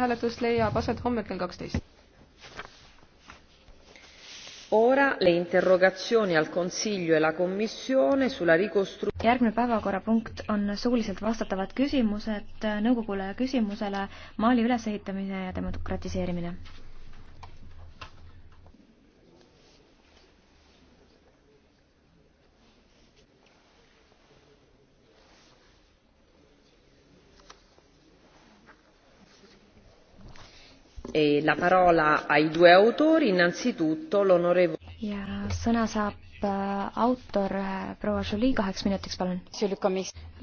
hääletus leiab aset homme kell kaksteist. Ora le interrogazioni al Consiglio e la Commissione sulla ricostru-. järgmine päevakorrapunkt on suuliselt vastatavad küsimused nõukogule ja küsimusele Mali ülesehitamine ja demokratiseerimine. E la parola ai due autori, innanzitutto l'onorevole. ja sõna saab äh, autor äh, proua Jolie kaheks minutiks, palun.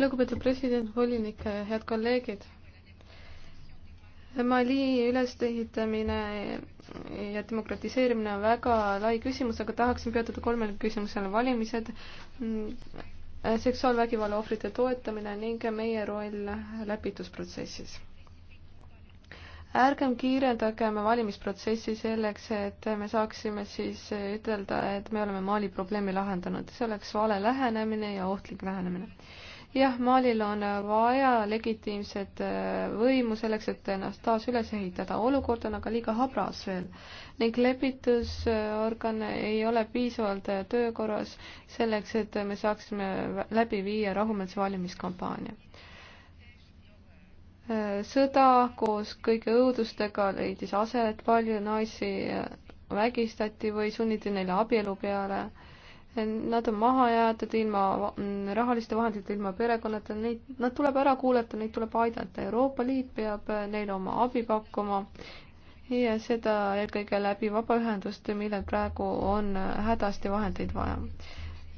lugupeetud president, volinik, äh, head kolleegid. Mali ülesehitamine ja demokratiseerimine on väga lai küsimus, aga tahaksin peatuda kolmele küsimusele. valimised, mm, seksuaalvägivalla ohvrite toetamine ning meie roll läbitusprotsessis ärgem kiirendagem valimisprotsessi selleks, et me saaksime siis ütelda, et me oleme Mali probleemi lahendanud, see oleks vale lähenemine ja ohtlik lähenemine. jah, Malil on vaja legitiimset äh, võimu selleks, et ennast taas üles ehitada, olukord on aga liiga habras veel ning lepitusorgan ei ole piisavalt äh, töökorras selleks, et me saaksime läbi viia rahumeelse valimiskampaania sõda koos kõigi õudustega leidis aset, palju naisi äh, vägistati või sunniti neile abielu peale. Nad on maha jäetud ilma mm, rahaliste vahendite, ilma perekonnata, neid, nad tuleb ära kuulata, neid tuleb aidata. Euroopa Liit peab äh, neile oma abi pakkuma ja seda eelkõige läbi vabaühenduste, millel praegu on äh, hädasti vahendeid vaja.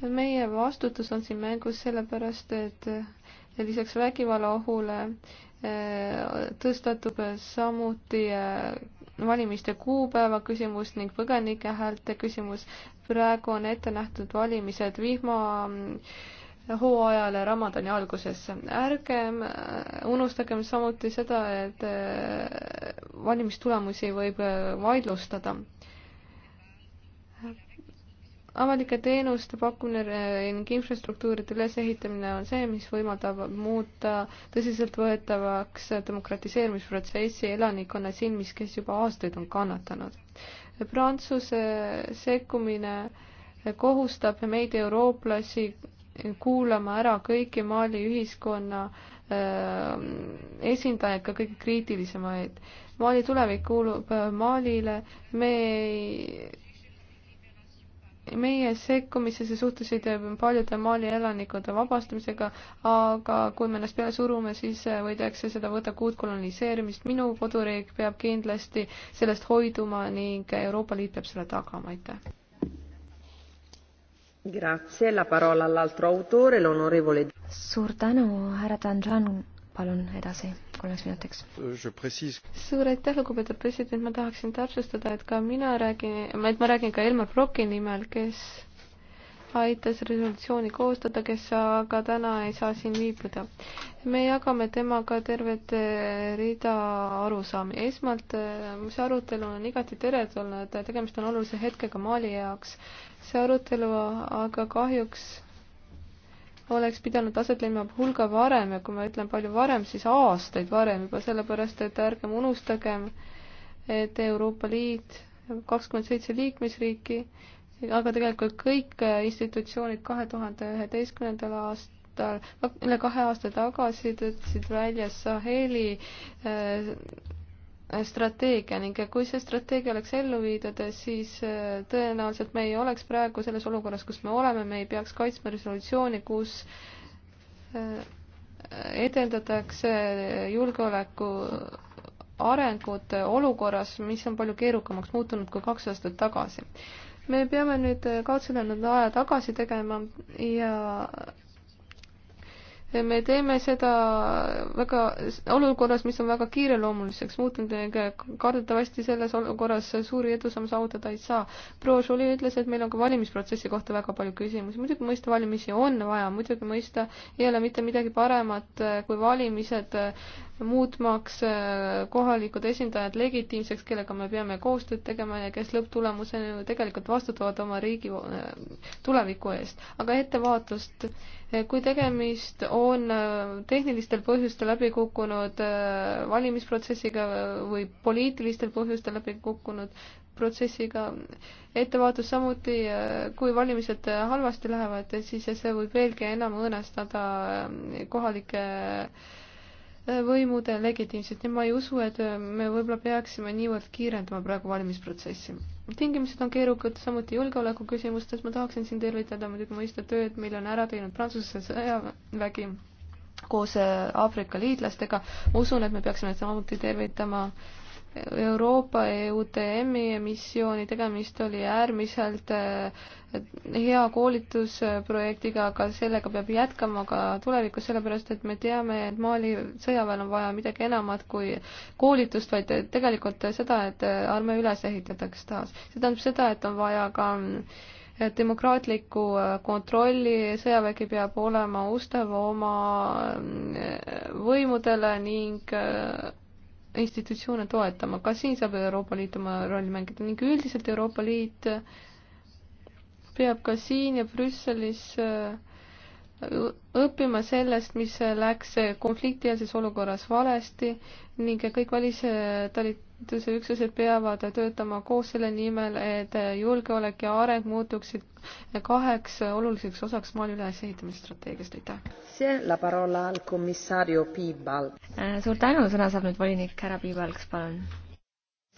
meie vastutus on siin mängus sellepärast, et lisaks vägivallaohule äh, tõstatub samuti äh, valimiste kuupäeva küsimus ning põgenike häälte küsimus. praegu on ette nähtud valimised vihmahooajale mm, Ramadani alguses. ärgem äh, unustagem samuti seda, et äh, valimistulemusi võib vaidlustada avalike teenuste pakkumine eh, ning infrastruktuuride ülesehitamine on see, mis võimaldab muuta tõsiseltvõetavaks demokratiseerimisprotsessi elanikkonna silmis, kes juba aastaid on kannatanud. Prantsuse sekkumine kohustab meid, eurooplasi, kuulama ära kõiki Mali ühiskonna eh, esindajaid, ka kõige kriitilisemaid. Mali tulevik kuulub eh, Malile, me ei meie sekkumisesse suhtusid paljude Mali elanikute vabastamisega, aga kui me ennast peale surume, siis võidakse seda võtta kuud koloniseerimist. minu koduriik peab kindlasti sellest hoiduma ning Euroopa Liit peab selle tagama, aitäh. suur tänu, härra Danjan palun edasi kolmeks minutiks. suur aitäh, lugupeetud president, ma tahaksin täpsustada, et ka mina räägin, et ma räägin ka Elmar Broki nimel, kes aitas resolutsiooni koostada, kes aga täna ei saa siin viibida. me jagame temaga tervet eh, rida arusaami. esmalt, eh, see arutelu on igati teretulnud, tegemist on olulise hetkega Mali jaoks. see arutelu aga kahjuks oleks pidanud aset leidma hulga varem ja kui ma ütlen palju varem, siis aastaid varem juba, sellepärast et ärgem unustagem, et Euroopa Liit, kakskümmend seitse liikmesriiki, aga tegelikult kõik institutsioonid kahe tuhande üheteistkümnendal aastal, üle kahe aasta tagasi töötasid välja Saheli äh, strateegia ning kui see strateegia oleks ellu viidud, siis äh, tõenäoliselt me ei oleks praegu selles olukorras, kus me oleme, me ei peaks kaitsma resolutsiooni, kus äh, edendatakse äh, julgeoleku arengut olukorras, mis on palju keerukamaks muutunud kui kaks aastat tagasi. me peame nüüd kaotselenud aja tagasi tegema ja me teeme seda väga, olukorras, mis on väga kiireloomuliseks muutunud, kardetavasti selles olukorras suuri edusamme saavutada ei saa. proua Žuli ütles, et meil on ka valimisprotsessi kohta väga palju küsimusi, muidugi mõista valimisi on vaja, muidugi mõista ei ole mitte midagi paremat äh, kui valimised, äh, muutmaks äh, kohalikud esindajad legitiimseks, kellega me peame koostööd tegema ja kes lõpptulemusena ju tegelikult vastutavad oma riigi tuleviku eest, aga ettevaatust kui tegemist on äh, tehnilistel põhjustel läbi kukkunud äh, valimisprotsessiga või poliitilistel põhjustel läbi kukkunud protsessiga, ettevaatus samuti, äh, kui valimised halvasti lähevad, siis see võib veelgi enam õõnestada kohalike võimude legitiimsed ja ma ei usu, et me võib-olla peaksime niivõrd kiirendama praegu valimisprotsessi. tingimused on keerukad, samuti julgeoleku küsimustes, ma tahaksin siin tervitada muidugi mõista tööd, mille on ära teinud Prantsuse sõjavägi koos äh, Aafrika liitlastega, ma usun, et me peaksime samuti tervitama äh, Euroopa EUTM-i missiooni tegemist oli äärmiselt äh, hea koolitusprojektiga, aga sellega peab jätkama ka tulevikus, sellepärast et me teame, et Mali sõjaväel on vaja midagi enamat kui koolitust, vaid tegelikult seda, et armee üles ehitataks taas. see tähendab seda, et on vaja ka demokraatlikku äh, kontrolli, sõjavägi peab olema ustav oma äh, võimudele ning institutsioone toetama, ka siin saab Euroopa Liit oma rolli mängida ning üldiselt Euroopa Liit peab ka siin ja Brüsselis äh, õppima sellest, mis läks konfliktieelses olukorras valesti ning kõik välistalit-, üksused peavad töötama koos selle nimel, et julgeolek ja areng muutuksid kaheks oluliseks osaks maailma ülesehitamisstrateegiast, aitäh. Äh, suur tänu, sõna saab nüüd volinik härra Piibalks, palun.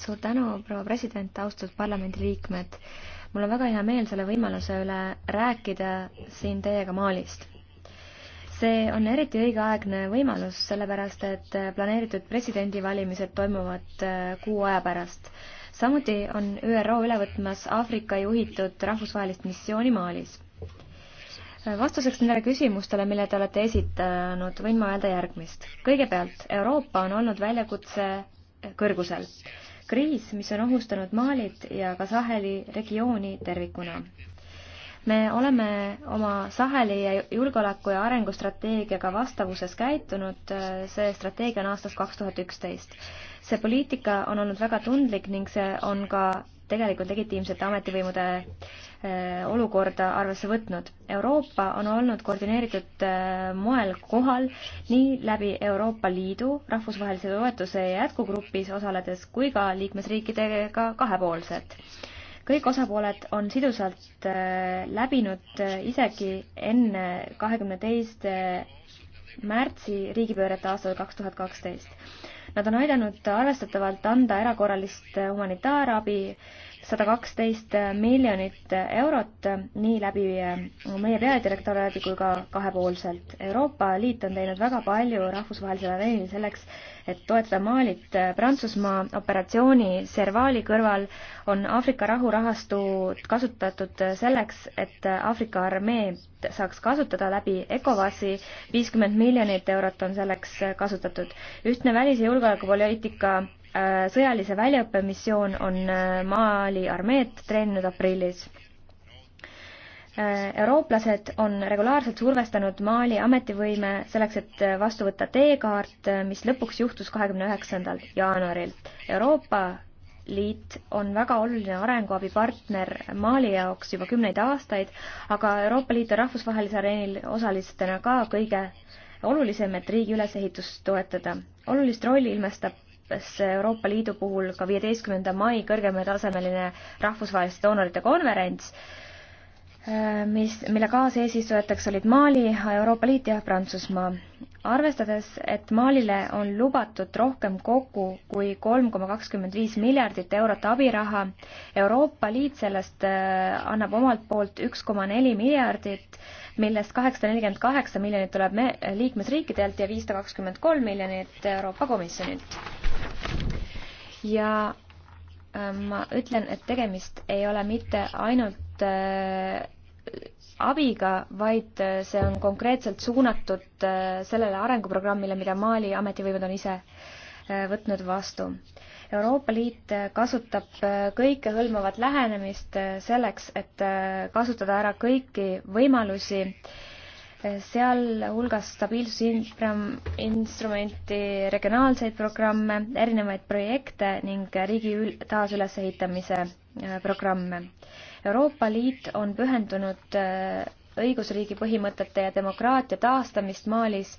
suur tänu, proua president, austatud parlamendiliikmed. mul on väga hea meel selle võimaluse üle rääkida siin teiega Malist see on eriti õigeaegne võimalus, sellepärast et planeeritud presidendivalimised toimuvad äh, kuu aja pärast. samuti on ÜRO üle võtmas Aafrika juhitud rahvusvahelist missiooni Malis. Äh, vastuseks nendele küsimustele, mille te olete esitanud, võin ma öelda järgmist. kõigepealt, Euroopa on olnud väljakutse äh, kõrgusel. kriis, mis on ohustanud Malit ja ka Saheli regiooni tervikuna me oleme oma Saheli ja julgeoleku ja arengustrateegiaga vastavuses käitunud, see strateegia on aastast kaks tuhat üksteist. see poliitika on olnud väga tundlik ning see on ka tegelikult legitiimsete ametivõimude eh, olukorda arvesse võtnud. Euroopa on olnud koordineeritud eh, moel kohal nii läbi Euroopa Liidu rahvusvahelise toetuse jätkugrupis osaledes kui ka liikmesriikidega kahepoolselt kõik osapooled on sidusalt äh, läbinud äh, isegi enne kahekümne teist äh, märtsi riigipööret aastal kaks tuhat kaksteist. Nad on aidanud arvestatavalt anda erakorralist humanitaarabi sada kaksteist miljonit eurot nii läbi äh, meie peadirektoraadi kui ka kahepoolselt. Euroopa Liit on teinud väga palju rahvusvahelisel areenil selleks, et toetada Malit. Prantsusmaa operatsiooni Servali kõrval on Aafrika rahurahastut kasutatud selleks, et Aafrika armee saaks kasutada läbi ECOWAS-i, viiskümmend miljonit eurot on selleks kasutatud. ühtne välis- ja julgeolekupoliitika Äh, sõjalise väljaõppemissioon on äh, Mali armeed treeninud aprillis. Äh, eurooplased on regulaarselt survestanud Mali ametivõime selleks, et vastu võtta teekaart, mis lõpuks juhtus kahekümne üheksandal jaanuaril. Euroopa Liit on väga oluline arenguabipartner Mali jaoks juba kümneid aastaid, aga Euroopa Liit on rahvusvahelisel areenil osalistena ka kõige olulisem, et riigi ülesehitust toetada. olulist rolli ilmestab lõppes Euroopa Liidu puhul ka viieteistkümnenda mai kõrgematasemeline rahvusvaheliste doonorite konverents, äh, mis, mille kaaseesistujateks olid Mali, Euroopa Liit ja Prantsusmaa. arvestades, et Malile on lubatud rohkem kokku kui kolm koma kakskümmend viis miljardit eurot abiraha, Euroopa Liit sellest äh, annab omalt poolt üks koma neli miljardit, millest kaheksasada nelikümmend kaheksa miljonit tuleb me-, liikmesriikidelt ja viissada kakskümmend kolm miljonit Euroopa Komisjonilt ja ähm, ma ütlen, et tegemist ei ole mitte ainult äh, abiga, vaid äh, see on konkreetselt suunatud äh, sellele arenguprogrammile, mida Mali ametivõimed on ise võtnud vastu. Euroopa Liit kasutab kõikehõlmavat lähenemist selleks, et kasutada ära kõiki võimalusi äh, sealhulgas stabiilsusinstrumenti, regionaalseid programme, erinevaid projekte ning riigi taasülesehitamise äh, programme. Euroopa Liit on pühendunud äh, õigusriigi põhimõtete ja demokraatia taastamist Malis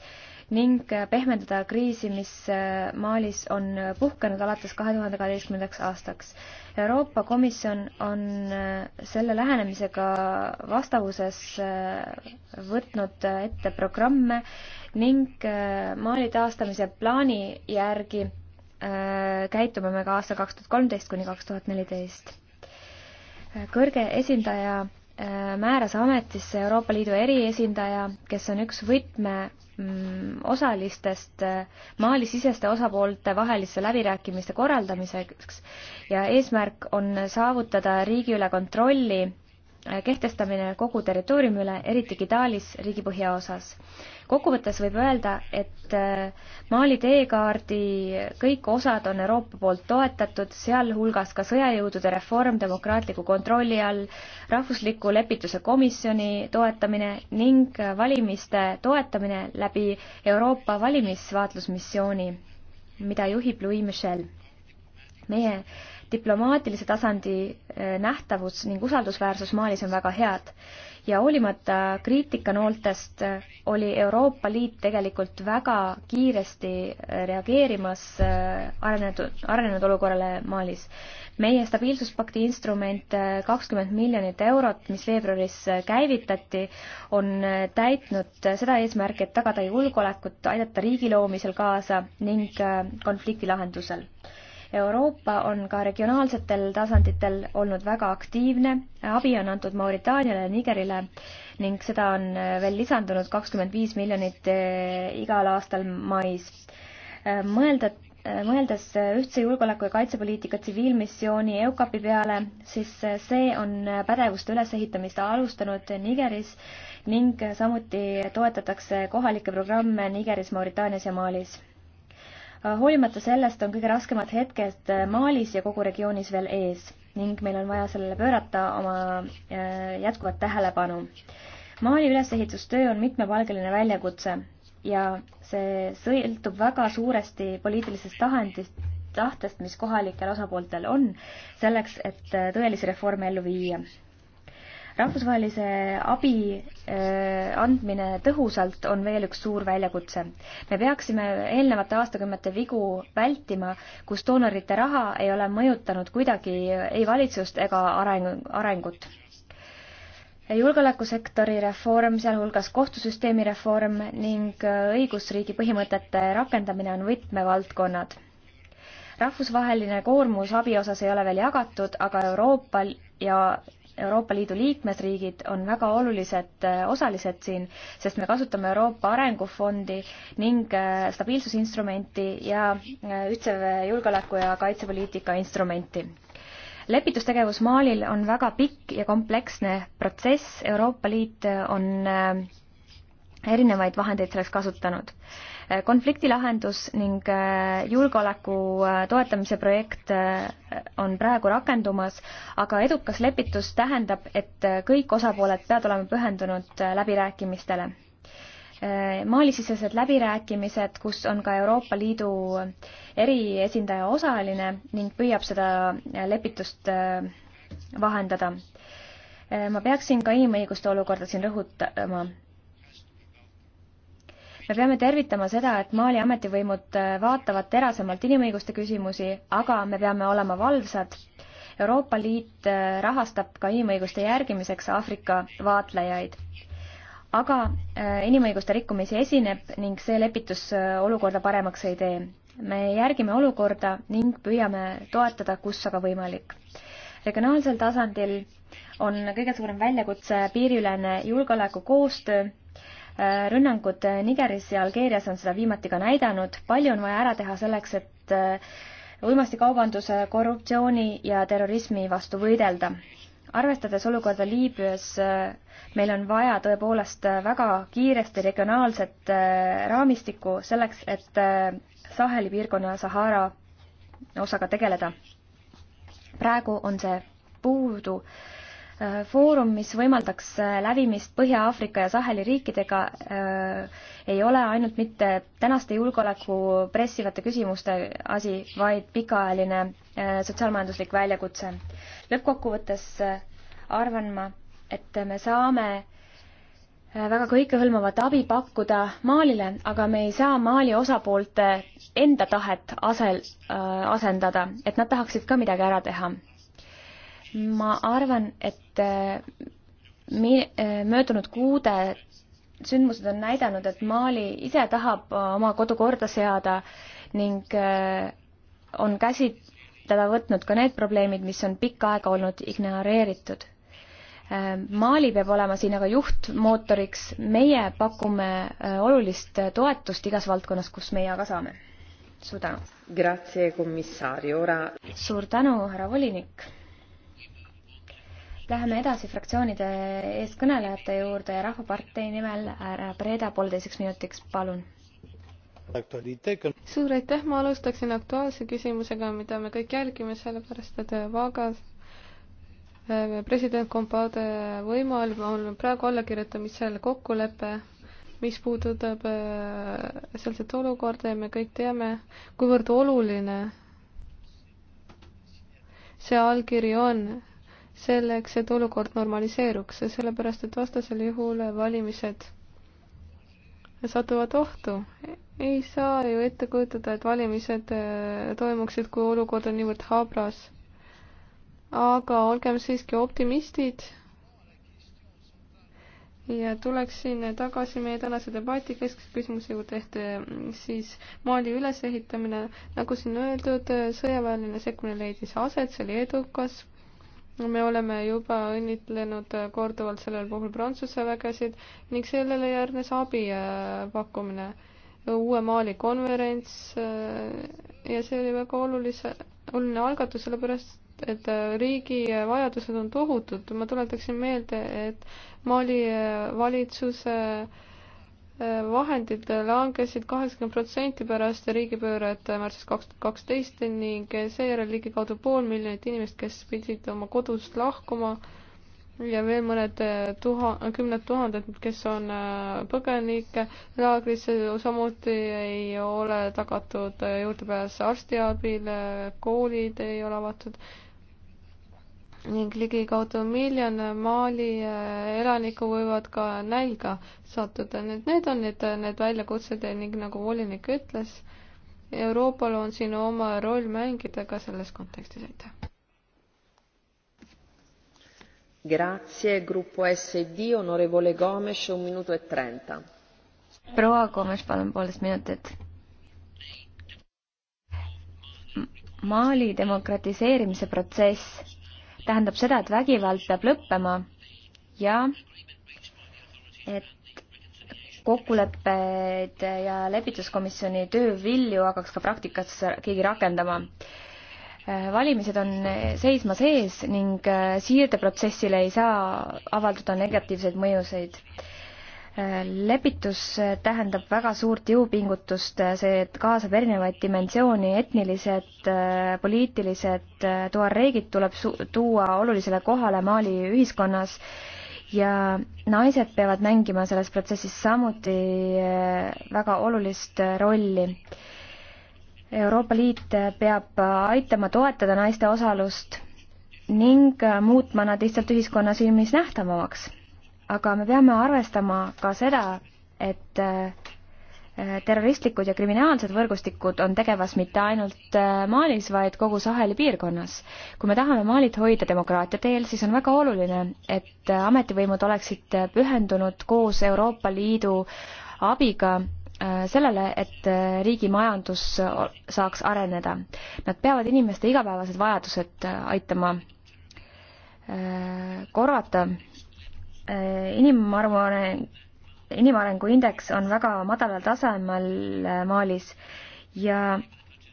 ning pehmendada kriisi, mis äh, Malis on äh, puhkenud alates kahe tuhande kaheteistkümnendaks aastaks. Euroopa Komisjon on äh, selle lähenemisega vastavuses võtnud ette programme ning Mali taastamise plaani järgi käitume me ka aastal kaks tuhat kolmteist kuni kaks tuhat neliteist. kõrge esindaja Äh, määras ametisse Euroopa Liidu eriesindaja, kes on üks võtme mm, osalistest äh, maalisiseste osapoolte vaheliste läbirääkimiste korraldamiseks ja eesmärk on saavutada riigiüle kontrolli Äh, kehtestamine kogu territooriumi üle, eriti Gidalis riigi põhjaosas. kokkuvõttes võib öelda, et äh, Mali teekaardi kõik osad on Euroopa poolt toetatud, sealhulgas ka sõjajõudude reform demokraatliku kontrolli all, rahvusliku lepituse komisjoni toetamine ning valimiste toetamine läbi Euroopa valimisvaatlusmissiooni, mida juhib Louis Michel meie diplomaatilise tasandi eh, nähtavus ning usaldusväärsus Malis on väga head ja hoolimata kriitikanooltest eh, oli Euroopa Liit tegelikult väga kiiresti eh, reageerimas arenenud, arenenud olukorrale Malis. meie stabiilsuspakti instrument kakskümmend miljonit eurot, mis veebruaris käivitati, on täitnud seda eesmärki, et tagada julgeolekut, aidata riigi loomisel kaasa ning konflikti lahendusel Euroopa on ka regionaalsetel tasanditel olnud väga aktiivne, abi on antud Mauritaaniale ja Nigerile ning seda on äh, veel lisandunud kakskümmend viis miljonit äh, igal aastal mais. Äh, mõelda, mõeldes ühtse julgeoleku ja kaitsepoliitika tsiviilmissiooni EUCAP-i peale, siis see on pädevuste ülesehitamist alustanud Nigeris ning samuti toetatakse kohalikke programme Nigeris, Mauritaanias ja Malis hoolimata sellest on kõige raskemad hetked äh, Malis ja kogu regioonis veel ees ning meil on vaja sellele pöörata oma äh, jätkuvat tähelepanu. Mali ülesehitustöö on mitmepalgeline väljakutse ja see sõltub väga suuresti poliitilisest tahendist, tahtest, mis kohalikel osapooltel on, selleks, et äh, tõelisi reforme ellu viia rahvusvahelise abi äh, andmine tõhusalt on veel üks suur väljakutse. me peaksime eelnevate aastakümnete vigu vältima, kus doonorite raha ei ole mõjutanud kuidagi ei valitsust ega areng, arengut julgeolekusektori reform, sealhulgas kohtusüsteemi reform ning äh, õigusriigi põhimõtete rakendamine on võtmevaldkonnad. rahvusvaheline koormus abi osas ei ole veel jagatud, aga Euroopal ja Euroopa Liidu liikmesriigid on väga olulised äh, osalised siin, sest me kasutame Euroopa Arengufondi ning äh, stabiilsusinstrumenti ja äh, ühtse julgeoleku- ja kaitsepoliitika instrumenti. lepitustegevus Malil on väga pikk ja kompleksne protsess, Euroopa Liit on erinevaid vahendeid selleks kasutanud Äh, konfliktilahendus ning äh, julgeoleku äh, toetamise projekt on praegu rakendumas, aga edukas lepitus tähendab, et kõik osapooled peavad olema pühendunud läbirääkimistele. Maalisisesed läbirääkimised, kus on ka Euroopa Liidu eriesindaja osaline ning püüab seda lepitust vahendada. ma peaksin ka inimõiguste olukorda siin rõhutama me peame tervitama seda, et Mali ametivõimud äh, vaatavad terasemalt inimõiguste küsimusi, aga me peame olema valvsad. Euroopa Liit äh, rahastab ka inimõiguste järgimiseks Aafrika vaatlejaid. aga äh, inimõiguste rikkumisi esineb ning see lepitus olukorda paremaks ei tee. me järgime olukorda ning püüame toetada, kus aga võimalik. regionaalsel tasandil on kõige suurem väljakutse piiriülene julgeolekukoostöö Äh, rünnangud äh, Nigeris ja Algeerias on seda viimati ka näidanud, palju on vaja ära teha selleks, et äh, uimastikaubanduse, korruptsiooni ja terrorismi vastu võidelda. arvestades olukorda Liibüas, meil on vaja tõepoolest väga kiiresti regionaalset raamistikku selleks, et Saheli piirkonna Sahara osaga tegeleda. praegu on see puudu Äh, foorum, mis võimaldaks äh, lävimist Põhja-Aafrika ja Saheli riikidega, äh, ei ole ainult mitte tänaste julgeoleku pressivate küsimuste asi, vaid pikaajaline sotsiaalmajanduslik väljakutse. lõppkokkuvõttes arvan ma, et me saame väga kõikehõlmavat abi pakkuda Malile, aga me ei saa Mali osapoolte enda tahet asel, asendada, et nad tahaksid ka midagi ära teha ma arvan, et äh, mi-, äh, möödunud kuude sündmused on näidanud, et Mali ise tahab oma kodu korda seada ning äh, on käsitleda võtnud ka need probleemid, mis on pikka aega olnud ignoreeritud. Mali peab olema siin aga juhtmootoriks, meie pakume olulist toetust igas valdkonnas, kus meie aga saame. suur tänu! suur tänu, härra volinik! Läheme edasi fraktsioonide eeskõnelejate juurde ja Rahvapartei nimel härra Breda pooleteiseks minutiks, palun. suur aitäh, ma alustaksin aktuaalse küsimusega, mida me kõik jälgime, sellepärast et Vagas äh, president Kompade võimal on praegu allakirjutamisel kokkulepe, mis puudutab äh, sealset olukorda ja me kõik teame, kuivõrd oluline see allkiri on selleks, et olukord normaliseeruks, sellepärast et vastasel juhul valimised satuvad ohtu. ei saa ju ette kujutada, et valimised äh, toimuksid, kui olukord on niivõrd habras. aga olgem siiski optimistid ja tuleksin tagasi meie tänase debati keskse küsimuse juurde, ehk äh, siis Mali ülesehitamine, nagu siin öeldud, sõjaväeline sekkumine leidis aset, see oli edukas me oleme juba õnnitlenud äh, korduvalt sellel puhul Prantsuse vägesid ning sellele järgnes abi äh, pakkumine, uue Mali konverents äh, ja see oli väga olulise, oluline algatus, sellepärast et riigi vajadused on tohutud, ma tuletaksin meelde, et Mali valitsuse äh, Äh, vahendid langesid kaheksakümmend protsenti pärast riigipööret märtsis kaks tuhat kaksteist ning seejärel ligikaudu pool miljonit inimest, kes pidid oma kodust lahkuma ja veel mõned tuha-, kümned tuhanded, kes on äh, põgenike laagris, samuti ei ole tagatud äh, juurdepääs arstiabile, koolid ei ole avatud ning ligikaudu miljon Mali äh, elanikku võivad ka nälga sattuda, nii et need on need, äh, need väljakutsed ning nagu volinik ütles, Euroopal on siin oma roll mängida ka selles kontekstis, aitäh. Grazie, grupo SD, onorevole Gomes, un minuto e trenta. proua Gomes, palun poolteist minutit Maali demokratiseerimise protsess tähendab seda, et vägivald peab lõppema ja et kokkulepped ja lepituskomisjoni töö vilju hakkaks ka praktikas keegi rakendama. Äh, valimised on seisma sees ning äh, siirdeprotsessile ei saa avaldada negatiivseid mõjuseid lepitus tähendab väga suurt jõupingutust, see kaasab erinevaid dimensiooni, etnilised, poliitilised, tuareegid tuleb tuua olulisele kohale Mali ühiskonnas ja naised peavad mängima selles protsessis samuti eh, väga olulist rolli. Euroopa Liit peab aitama toetada naiste osalust ning muutma nad lihtsalt ühiskonna silmis nähtavamaks aga me peame arvestama ka seda, et äh, terroristlikud ja kriminaalsed võrgustikud on tegevas mitte ainult äh, Malis, vaid kogu Saheli piirkonnas. kui me tahame Malit hoida demokraatia teel, siis on väga oluline, et äh, ametivõimud oleksid pühendunud koos Euroopa Liidu abiga sellele, et riigi majandus saaks areneda. Nad peavad inimeste igapäevased vajadused aitama korvata Äh, inimarvuareng, inimarengu indeks on väga madalal tasemel äh, Malis ja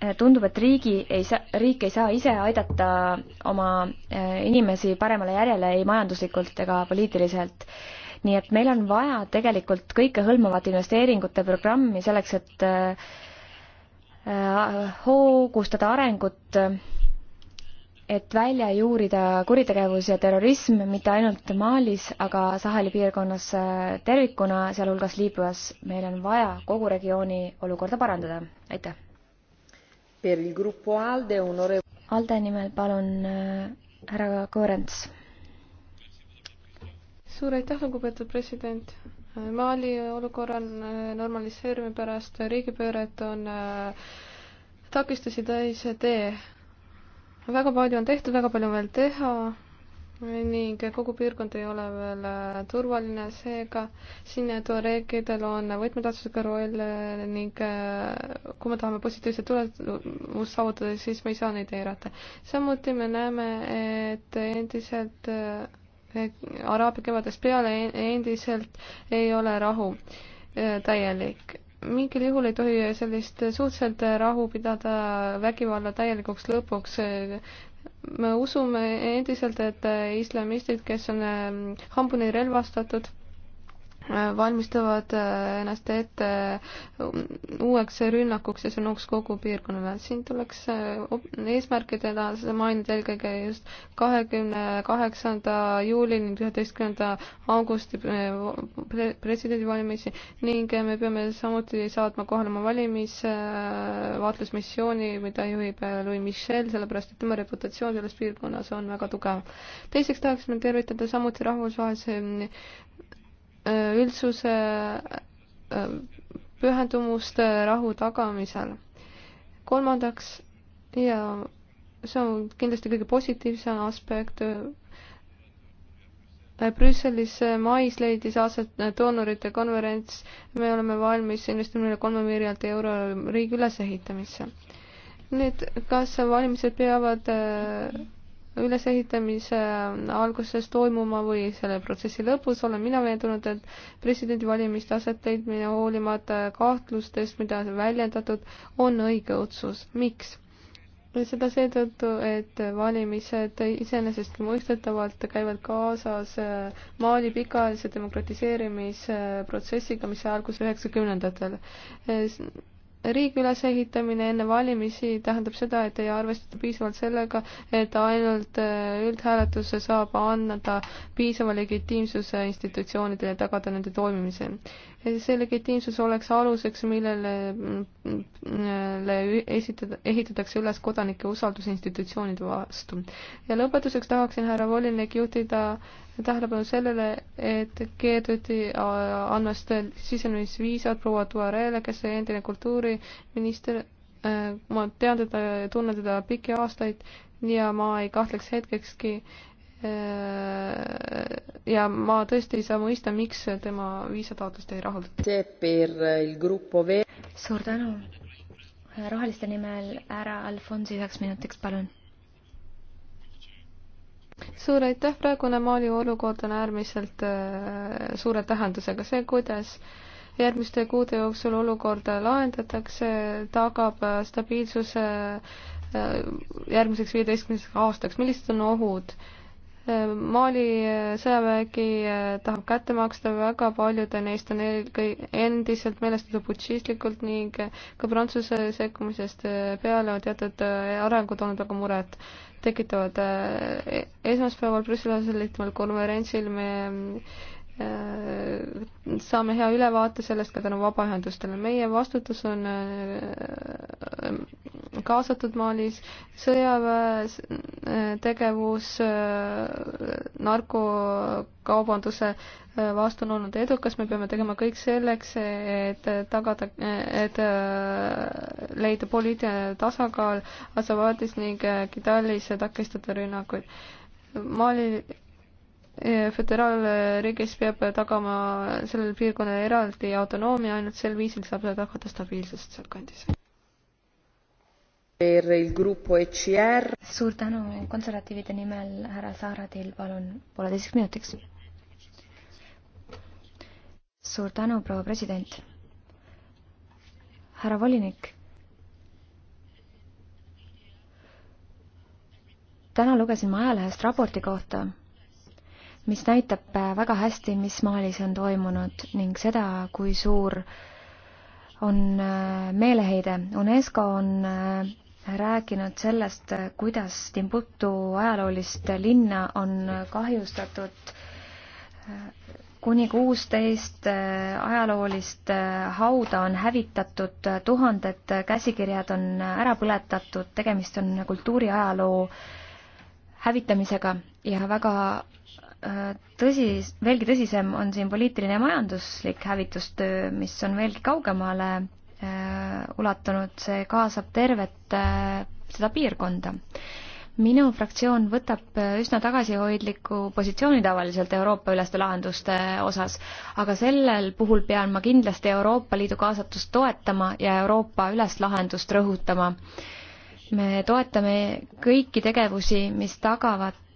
äh, tundub, et riigi ei saa, riik ei saa ise aidata oma inimesi paremale järjele ei majanduslikult ega poliitiliselt. nii et meil on vaja tegelikult kõikehõlmavat investeeringute programmi selleks, et hoogustada arengut et välja juurida kuritegevus ja terrorism mitte ainult Malis, aga Saheli piirkonnas äh, tervikuna, sealhulgas Liibüas. meil on vaja kogu regiooni olukorda parandada. aitäh! ALDE, unore... ALDE nimel palun äh, härra Koorents. suur aitäh, lugupeetud president! Äh, Mali olukorra normaliseerimise pärast riigipööret on takistusi täis tee väga palju on tehtud, väga palju on veel teha ning kogu piirkond ei ole veel turvaline, seega siin tuareegidel on võtmetähtsusega roll ning äh, kui me tahame positiivset tulemust saavutada, siis me ei saa neid eirata. samuti me näeme, et endiselt äh, araabia kevadest peale endiselt ei ole rahu äh, täielik mingil juhul ei tohi sellist suhteliselt rahu pidada vägivalla täielikuks lõpuks. me usume endiselt, et islamistid, kes on hambuni relvastatud, valmistavad äh, ennast ette äh, uueks rünnakuks ja see on oks kogu piirkonnale. siin tuleks äh, eesmärkidena seda mainida eelkõige just kahekümne kaheksanda juulini üheteistkümnenda augusti presidendivalimisi ning me peame samuti saatma kohale oma valimisvaatlusmissiooni, mida juhib Louis Michel, sellepärast et tema reputatsioon selles piirkonnas on väga tugev. teiseks tahaksime tervitada samuti rahvusvahelise Äh, üldsuse äh, pühendumuste rahu tagamisel. kolmandaks ja see on kindlasti kõige positiivsem aspekt. Äh, Brüsselis mais leidis aset doonorite konverents, me oleme valmis investeerima üle kolme miljardi euro riigi ülesehitamisse. nüüd, kas valimised peavad äh, ülesehitamise alguses toimuma või selle protsessi lõpus, olen mina veendunud, et presidendivalimiste asetleidmine hoolimata kahtlustest, mida väljendatud, on õige otsus. miks? seda seetõttu, et valimised iseenesestmõistetavalt käivad kaasas Mali pikaajalise demokratiseerimisprotsessiga, mis alguse üheksakümnendatel riigi ülesehitamine enne valimisi tähendab seda, et ei arvestata piisavalt sellega, et ainult äh, üldhääletuse saab anda piisava legitiimsuse institutsioonidele ja tagada nende toimimise see legitiimsus oleks aluseks, millele esitada, ehitatakse üles kodanike usaldus institutsioonide vastu. ja lõpetuseks tahaksin, härra volinik, juhtida tähelepanu sellele, et keelduti äh, annast sisenemisviisad proua Tuarele, kes oli endine kultuuriminister, äh, ma tean teda ja tunnen teda pikki aastaid ja ma ei kahtleks hetkekski, Äh, ja ma tõesti ei saa mõista, miks tema viisataotlust ei rahuldata. suur tänu. roheliste nimel härra Alfonsi üheks minutiks, palun. suur aitäh, praegune Mali olukord on äärmiselt äh, suure tähendusega, see kuidas järgmiste kuude jooksul olukorda lahendatakse, tagab äh, stabiilsuse järgmiseks viieteistkümneks aastaks, millised on ohud Mali äh, sõjavägi äh, tahab kätte maksta, väga paljud neist on endiselt meelestatud putšistlikult ning äh, ka Prantsuse sekkumisest peale on teatud arengud olnud väga muret tekitavad. E-, esmaspäeval Brüsselis liituval konverentsil me saame hea ülevaate sellest ka tänu vabaühendustele. meie vastutus on kaasatud Malis, sõjaväes, tegevus äh, narkokaubanduse äh, vastu on olnud edukas, me peame tegema kõik selleks, et tagada, et äh, leida poliitiline tasakaal Asavaadis ning Kidalis takistada rünnakuid. Mali föderaalriigis peab tagama sellele piirkonnale eraldi autonoomia, ainult sel viisil saab tagada stabiilsust seal kandis E suur tänu konservatiivide nimel, härra Saara, teil palun pooleteiseks minutiks. suur tänu, proua president. härra volinik täna lugesin ma ajalehest raporti kohta, mis näitab väga hästi, mis Malis on toimunud ning seda, kui suur on äh, meeleheide. UNESCO on äh, rääkinud sellest, kuidas Timbuktu ajaloolist linna on kahjustatud kuni kuusteist ajaloolist hauda on hävitatud, tuhanded käsikirjad on ära põletatud, tegemist on kultuuriajaloo hävitamisega ja väga äh, tõsi, veelgi tõsisem on siin poliitiline ja majanduslik hävitustöö, mis on veelgi kaugemale Äh, ulatunud, see kaasab tervet äh, seda piirkonda minu fraktsioon võtab äh, üsna tagasihoidliku positsiooni tavaliselt Euroopa-üleste lahenduste osas, aga sellel puhul pean ma kindlasti Euroopa Liidu kaasatust toetama ja Euroopa-ülest lahendust rõhutama. me toetame kõiki tegevusi, mis tagavad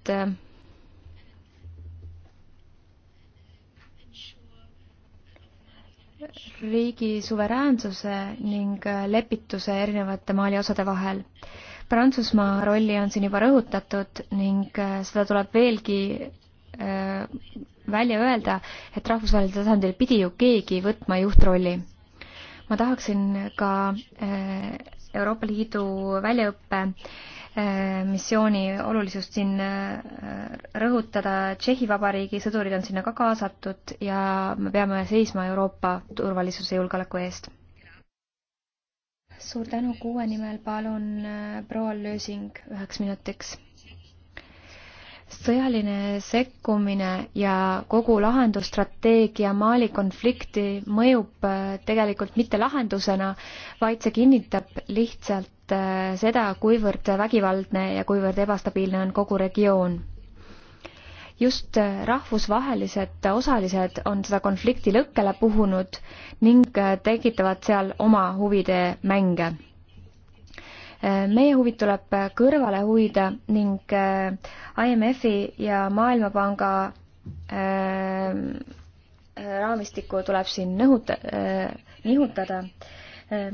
riigi suveräänsuse ning äh, lepituse erinevate Mali osade vahel. Prantsusmaa rolli on siin juba rõhutatud ning äh, seda tuleb veelgi äh, välja öelda, et rahvusvahelisel tasandil pidi ju keegi võtma juhtrolli. ma tahaksin ka Euroopa Liidu väljaõppe Äh, missiooni olulisust siin äh, rõhutada. Tšehhi Vabariigi sõdurid on sinna ka kaasatud ja me peame seisma Euroopa turvalisuse julgeoleku eest. suur tänu, kuue nimel palun äh, proua Lösing üheks minutiks sõjaline sekkumine ja kogu lahendusstrateegia Mali konflikti mõjub äh, tegelikult mitte lahendusena, vaid see kinnitab lihtsalt äh, seda, kuivõrd vägivaldne ja kuivõrd ebastabiilne on kogu regioon. just äh, rahvusvahelised osalised on seda konflikti lõkkele puhunud ning tekitavad seal oma huvide mänge meie huvid tuleb kõrvale hoida ning äh, IMF-i ja Maailmapanga äh, raamistikku tuleb siin nõhuta, äh, nihutada.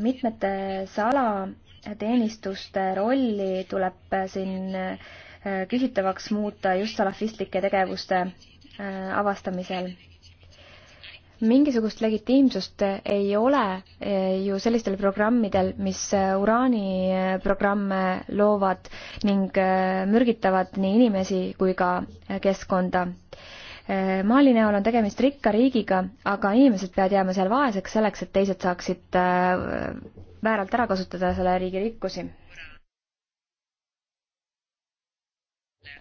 mitmete salateenistuste rolli tuleb siin küsitavaks muuta just salafistlike tegevuste avastamisel mingisugust legitiimsust ei ole eh, ju sellistel programmidel, mis eh, uraaniprogramme eh, loovad ning mürgitavad nii inimesi kui ka keskkonda. Mali näol on tegemist rikka riigiga, aga inimesed peavad jääma seal vaeseks selleks, et teised saaksid vääralt ära kasutada selle riigi rikkusi.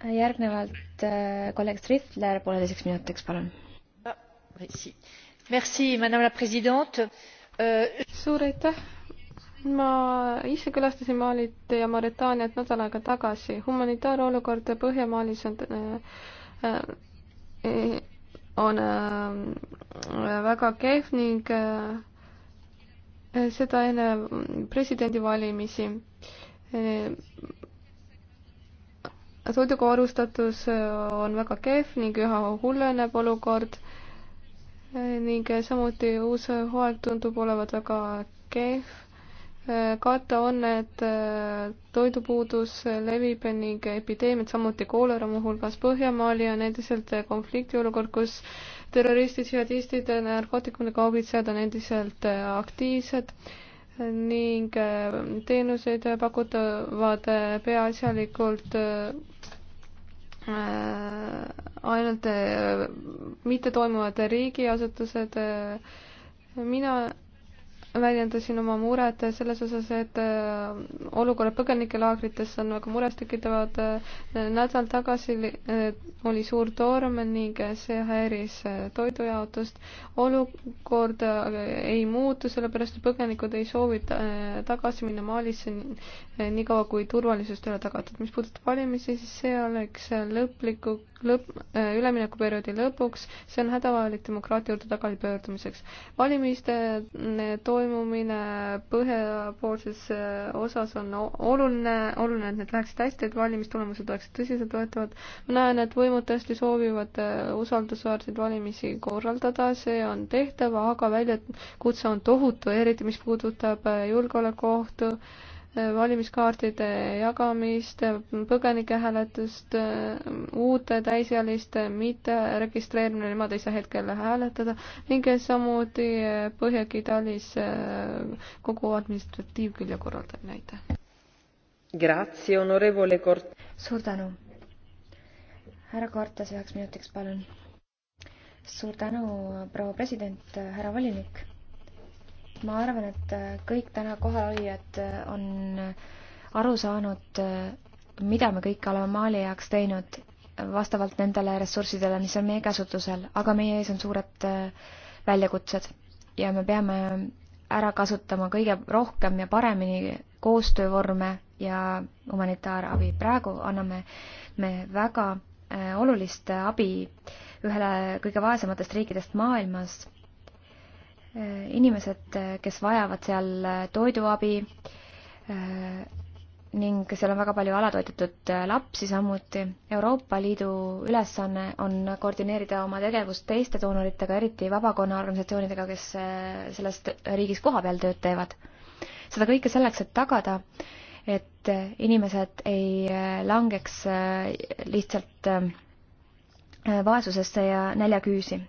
järgnevalt kolleeg Strihler pooleteiseks minutiks, palun ah, Euh, suur aitäh! ma ise külastasin Malit ja Mauritaaniat nädal aega tagasi. humanitaarolukord Põhjamaalis on äh, äh, on äh, väga kehv ning seda enne presidendivalimisi. toidukorrustatus on väga kehv ning üha hulleneb olukord ning samuti uus hooaeg tundub olevat väga kehv. kata on, et äh, toidupuudus levib ning epideemiad, samuti koolera muuhulgas Põhjamaal ja on endiselt konfliktiolukord, kus terroristid, džihadistid, narkootikumide kaubitsejad on endiselt äh, aktiivsed ning äh, teenuseid pakutavad peaasjalikult Äh, ainult äh, mittetoimuvad riigiasutused. Äh, mina väljendasin oma muret selles osas, et äh, olukorrad põgenikelaagrites on väga murettekitavad. Äh, nädal tagasi äh, oli suur torm ning see häiris toidujaotust. olukord ei muutu, sellepärast et põgenikud ei soovi tagasi minna Malisse niikaua, kui turvalisust ei ole tagatud. mis puudutab valimisi, siis see oleks lõpliku, lõpp, üleminekuperioodi lõpuks, see on hädavajalik demokraatia juurde tagasipöördumiseks. valimiste toimumise toimumine põhjapoolses äh, osas on oluline, oluline, et need läheksid hästi, et valimistulemused oleksid tõsiseltvõetavad. ma näen, et võimud tõesti soovivad äh, usaldusväärseid valimisi korraldada, see on tehtav, aga väljakutse on tohutu, eriti mis puudutab äh, julgeolekuohtu äh, valimiskaartide jagamist, põgenike hääletust, uute täisealiste mitteregistreerimine, nemad ei saa hetkel hääletada ning samuti Põhja-Kidalis eh, kogu administratiivkülje korraldamine, aitäh. suur tänu. härra Kortas üheks minutiks, palun. suur tänu, proua president, härra volinik ma arvan, et äh, kõik täna kohalolijad äh, on äh, aru saanud, mida me kõik oleme Mali heaks teinud vastavalt nendele ressurssidele, mis on meie käsutusel, aga meie ees on suured väljakutsed ja me peame ära kasutama kõige rohkem ja paremini koostöövorme ja humanitaarabi. praegu anname me väga olulist abi ühele kõige vaesematest riikidest maailmas Äh, inimesed, äh, kes vajavad seal äh, toiduabi ning seal on väga palju alatoidetud lapsi samuti. Euroopa Liidu ülesanne on koordineerida oma tegevust teiste doonoritega, eriti vabakonnaorganisatsioonidega, kes selles riigis kohapeal tööd teevad. seda kõike selleks, et tagada, et inimesed ei langeks lihtsalt vaesusesse ja näljaküüsi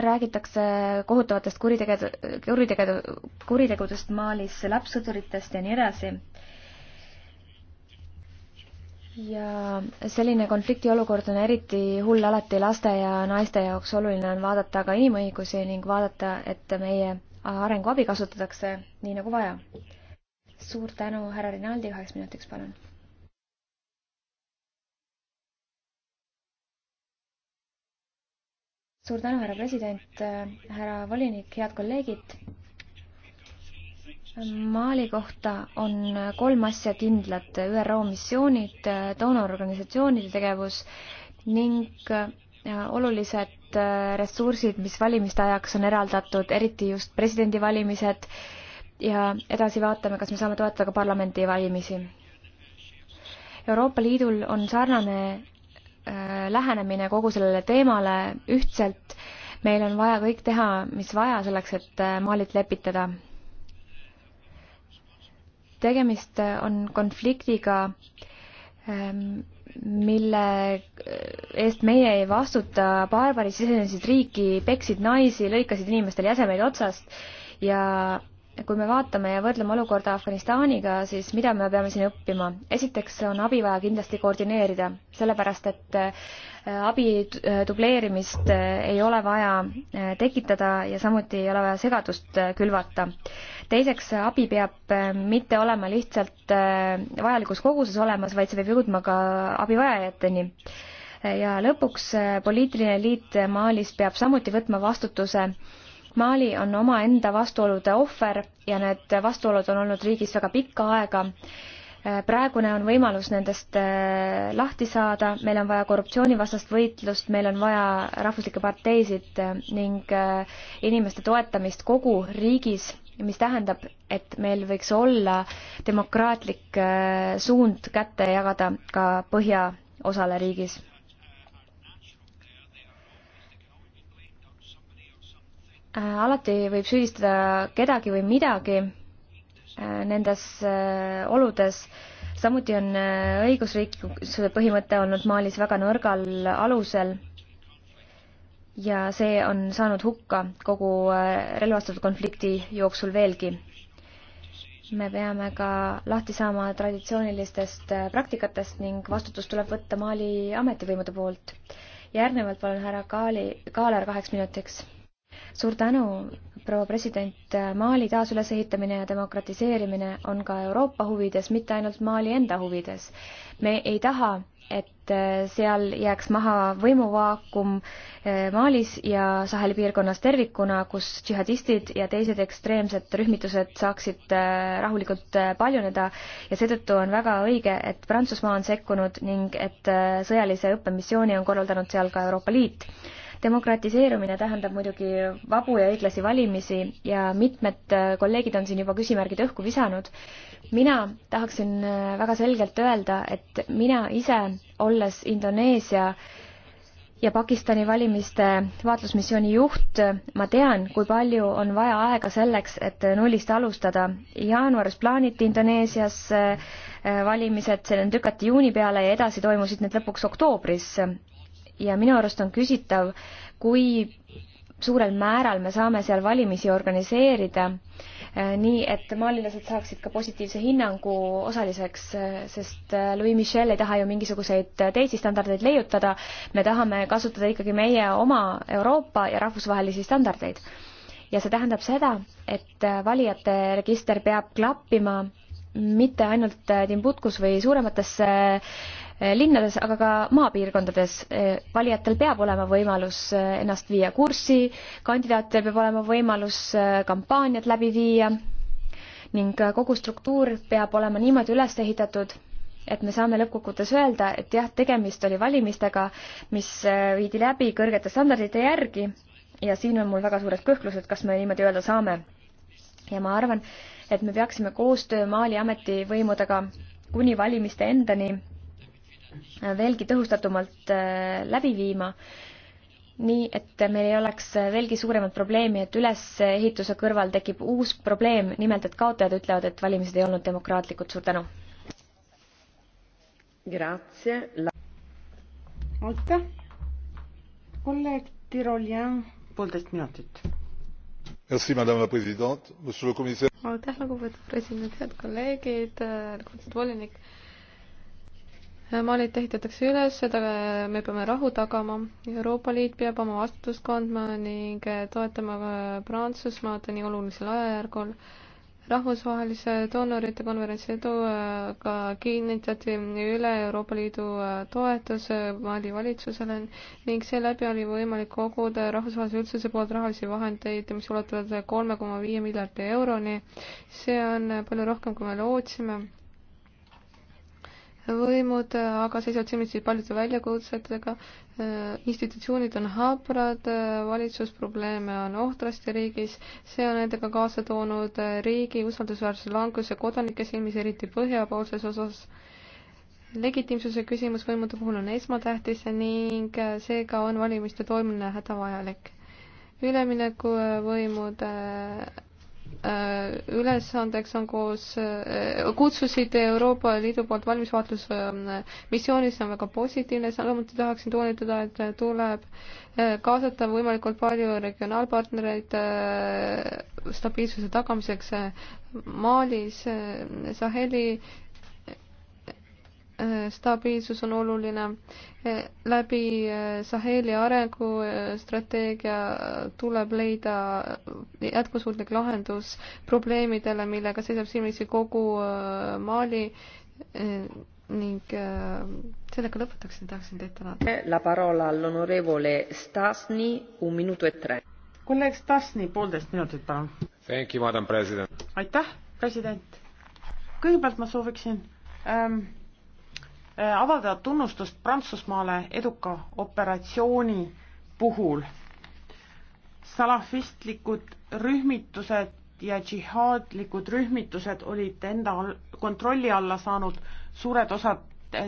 räägitakse kohutavatest kuritegede-, kuritegede-, kuritegudest Malis, lapssõduritest ja nii edasi. ja selline konfliktiolukord on eriti hull alati laste ja naiste jaoks, oluline on vaadata ka inimõigusi ning vaadata, et meie arenguabi kasutatakse nii, nagu vaja. suur tänu, härra Rinaldi, kaheks minutiks, palun suur tänu, härra president, härra volinik, head kolleegid. Mali kohta on kolm asja kindlat, ÜRO missioonid, doonororganisatsioonide tegevus ning äh, olulised äh, ressursid, mis valimiste ajaks on eraldatud, eriti just presidendivalimised ja edasi vaatame, kas me saame toetada ka parlamendivalimisi. Euroopa Liidul on sarnane Äh, lähenemine kogu sellele teemale ühtselt. meil on vaja kõik teha, mis vaja selleks, et äh, Malit lepitada. tegemist äh, on konfliktiga, ähm, mille eest meie ei vastuta, barbarid sisenesid riiki, peksid naisi, lõikasid inimestel jäsemeid otsast ja kui me vaatame ja võrdleme olukorda Afganistaniga, siis mida me peame siin õppima? esiteks on abi vaja kindlasti koordineerida, sellepärast et äh, abi äh, dubleerimist äh, ei ole vaja tekitada ja samuti ei ole vaja segadust külvata. teiseks, abi peab mitte olema lihtsalt vajalikus koguses olemas, vaid see peab jõudma ka abivajajateni ja lõpuks poliitiline eliit Malis peab samuti võtma vastutuse äh, Mali on omaenda vastuolude ohver ja need vastuolud on olnud riigis väga pikka aega. praegune on võimalus nendest eh, lahti saada, meil on vaja korruptsioonivastast võitlust, meil on vaja rahvuslikke parteisid eh, ning eh, inimeste toetamist kogu riigis, mis tähendab, et meil võiks olla demokraatlik suund kätte jagada ka põhjaosale riigis Äh, alati võib süüdistada kedagi või midagi äh, nendes äh, oludes. samuti on õigusriikluse põhimõte olnud Malis väga nõrgal alusel ja see on saanud hukka kogu relvastatud konflikti jooksul veelgi. me peame ka lahti saama traditsioonilistest praktikatest ning vastutus tuleb võtta Mali ametivõimude poolt. järgnevalt palun härra Kaali, Kaaler kaheks minutiks suur tänu, proua president, Mali taasülesehitamine ja demokratiseerimine on ka Euroopa huvides, mitte ainult Mali enda huvides. me ei taha, et äh, seal jääks maha võimuvaakum äh, Malis ja Saheli piirkonnas tervikuna, kus džihadistid ja teised ekstreemsed rühmitused saaksid äh, rahulikult paljuneda ja seetõttu on väga õige, et Prantsusmaa on sekkunud ning et sõjalise õppemissiooni on korraldanud seal ka Euroopa Liit demokratiseerumine tähendab muidugi vabu ja õiglasi valimisi ja mitmed äh, kolleegid on siin juba küsimärgid õhku visanud. mina tahaksin äh, väga selgelt öelda, et mina ise, olles Indoneesia ja Pakistani valimiste vaatlusmissiooni juht, ma tean, kui palju on vaja aega selleks, et nullist alustada. jaanuaris plaaniti Indoneesias äh, valimised, see lükati juuni peale ja edasi toimusid need lõpuks oktoobris ja minu arust on küsitav, kui suurel määral me saame seal valimisi organiseerida, eh, nii et maalilased saaksid ka positiivse hinnangu osaliseks, eh, sest eh, Louis Michel ei taha ju mingisuguseid teisi standardeid leiutada, me tahame kasutada ikkagi meie oma Euroopa ja rahvusvahelisi standardeid. ja see tähendab seda, et valijate register peab klappima mitte ainult Timbuktus või suurematesse Eh, linnades, aga ka maapiirkondades. Eh, valijatel peab olema võimalus eh, ennast viia kurssi, kandidaatidel peab olema võimalus kampaaniad läbi viia ning kogu struktuur peab olema niimoodi üles ehitatud, et me saame lõppkokkuvõttes öelda, et jah, tegemist oli valimistega, mis viidi läbi kõrgete standardite järgi ja siin on mul väga suured kõhklused, kas me niimoodi öelda saame. ja ma arvan, et me peaksime koostöö Mali ametivõimudega kuni valimiste endani veelgi tõhustatumalt äh, läbi viima, nii et meil ei oleks veelgi suuremat probleemi, et ülesehituse kõrval tekib uus probleem, nimelt et kaotajad ütlevad, et valimised ei olnud demokraatlikud, suur tänu. aitäh, kolleeg Tiroljan, poolteist minutit madame la présidente monsieur le commissaire aitäh lugupeetud president head kolleegid äh, lugupeetud volinik Malit ehitatakse üles, seda me peame rahu tagama. Euroopa Liit peab oma vastutust kandma ning toetama Prantsusmaad nii olulisel ajajärgul. rahvusvahelise doonorite konverentsi eduga äh, kinnitati üle Euroopa Liidu äh, toetus äh, Mali valitsusele ning seeläbi oli võimalik koguda rahvusvahelise üldsuse poolt rahalisi vahendeid, mis ulatuvad kolme koma viie miljardi euroni. see on palju rohkem, kui me lootsime võimud aga seisavad silmitsi paljude väljakutsetega, äh, institutsioonid on habrad, äh, valitsusprobleeme on ohtrasti riigis, see on endaga kaasa toonud äh, riigi usaldusväärsuse languse kodanike silmis, eriti põhjapoolses osas. legitiimsuse küsimus võimude puhul on esmatähtis ning seega on valimiste toimumine hädavajalik. üleminekuvõimude Äh, ülesandeks on koos, äh, kutsusid Euroopa Liidu poolt valmisvaatluse ähm, missiooni, see on väga positiivne, samuti tahaksin toonitada, et tuleb äh, kaasata võimalikult palju regionaalpartnereid stabiilsuse tagamiseks Malis, Saheli stabiilsus on oluline. läbi eh, Saheli arengustrateegia eh, tuleb leida jätkusuutlik lahendus probleemidele, millega seisab silmitsi kogu eh, Mali ning sellega lõpetaksin, tahaksin teid tänada. La parola all onorevole Stasni, un minuto et tre. kolleeg Stasni, poolteist minutit, palun. Thank you, madam president. aitäh, president. kõigepealt ma sooviksin ähm, Äh, avaldavad tunnustust Prantsusmaale eduka operatsiooni puhul. salafistlikud rühmitused ja džihaadlikud rühmitused olid enda all, kontrolli alla saanud suured osad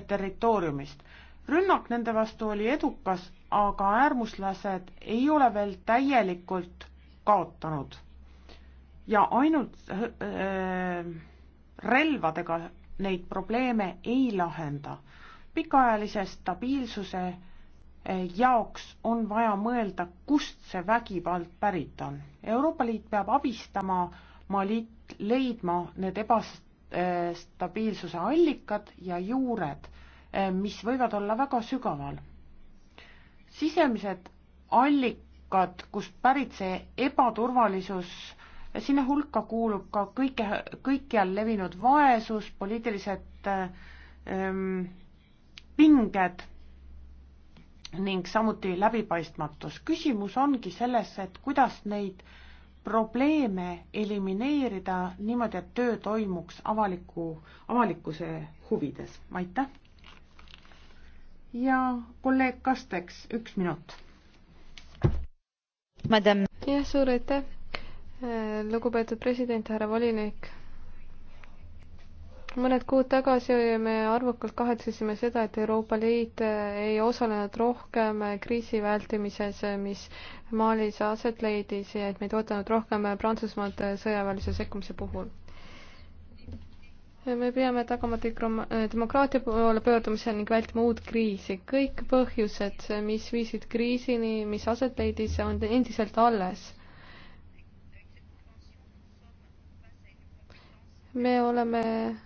territooriumist. rünnak nende vastu oli edukas, aga äärmuslased ei ole veel täielikult kaotanud. ja ainult äh, äh relvadega neid probleeme ei lahenda. pikaajalise stabiilsuse eh, jaoks on vaja mõelda, kust see vägivald pärit on. Euroopa Liit peab abistama Malit leidma need ebastabiilsuse eh, allikad ja juured, eh, mis võivad olla väga sügaval. sisemised allikad, kust pärit see ebaturvalisus sinna hulka kuulub ka kõike, kõikjal levinud vaesus, poliitilised ähm, pinged ning samuti läbipaistmatus. küsimus ongi selles, et kuidas neid probleeme elimineerida niimoodi, et töö toimuks avaliku, avalikkuse huvides. aitäh! ja kolleeg Kasteks, üks minut. jah, suur aitäh! Äh, lugupeetud president, härra volinik. mõned kuud tagasi me arvukalt kahetsesime seda, et Euroopa Liit äh, ei osalenud rohkem kriisi vältimises, äh, mis Malis aset leidis ja et me ei toetanud rohkem Prantsusmaalt sõjaväelise sekkumise puhul. me peame tagama demokraatia poole pöördumise ning vältima uut kriisi. kõik põhjused, mis viisid kriisini, mis aset leidis, on endiselt alles me oleme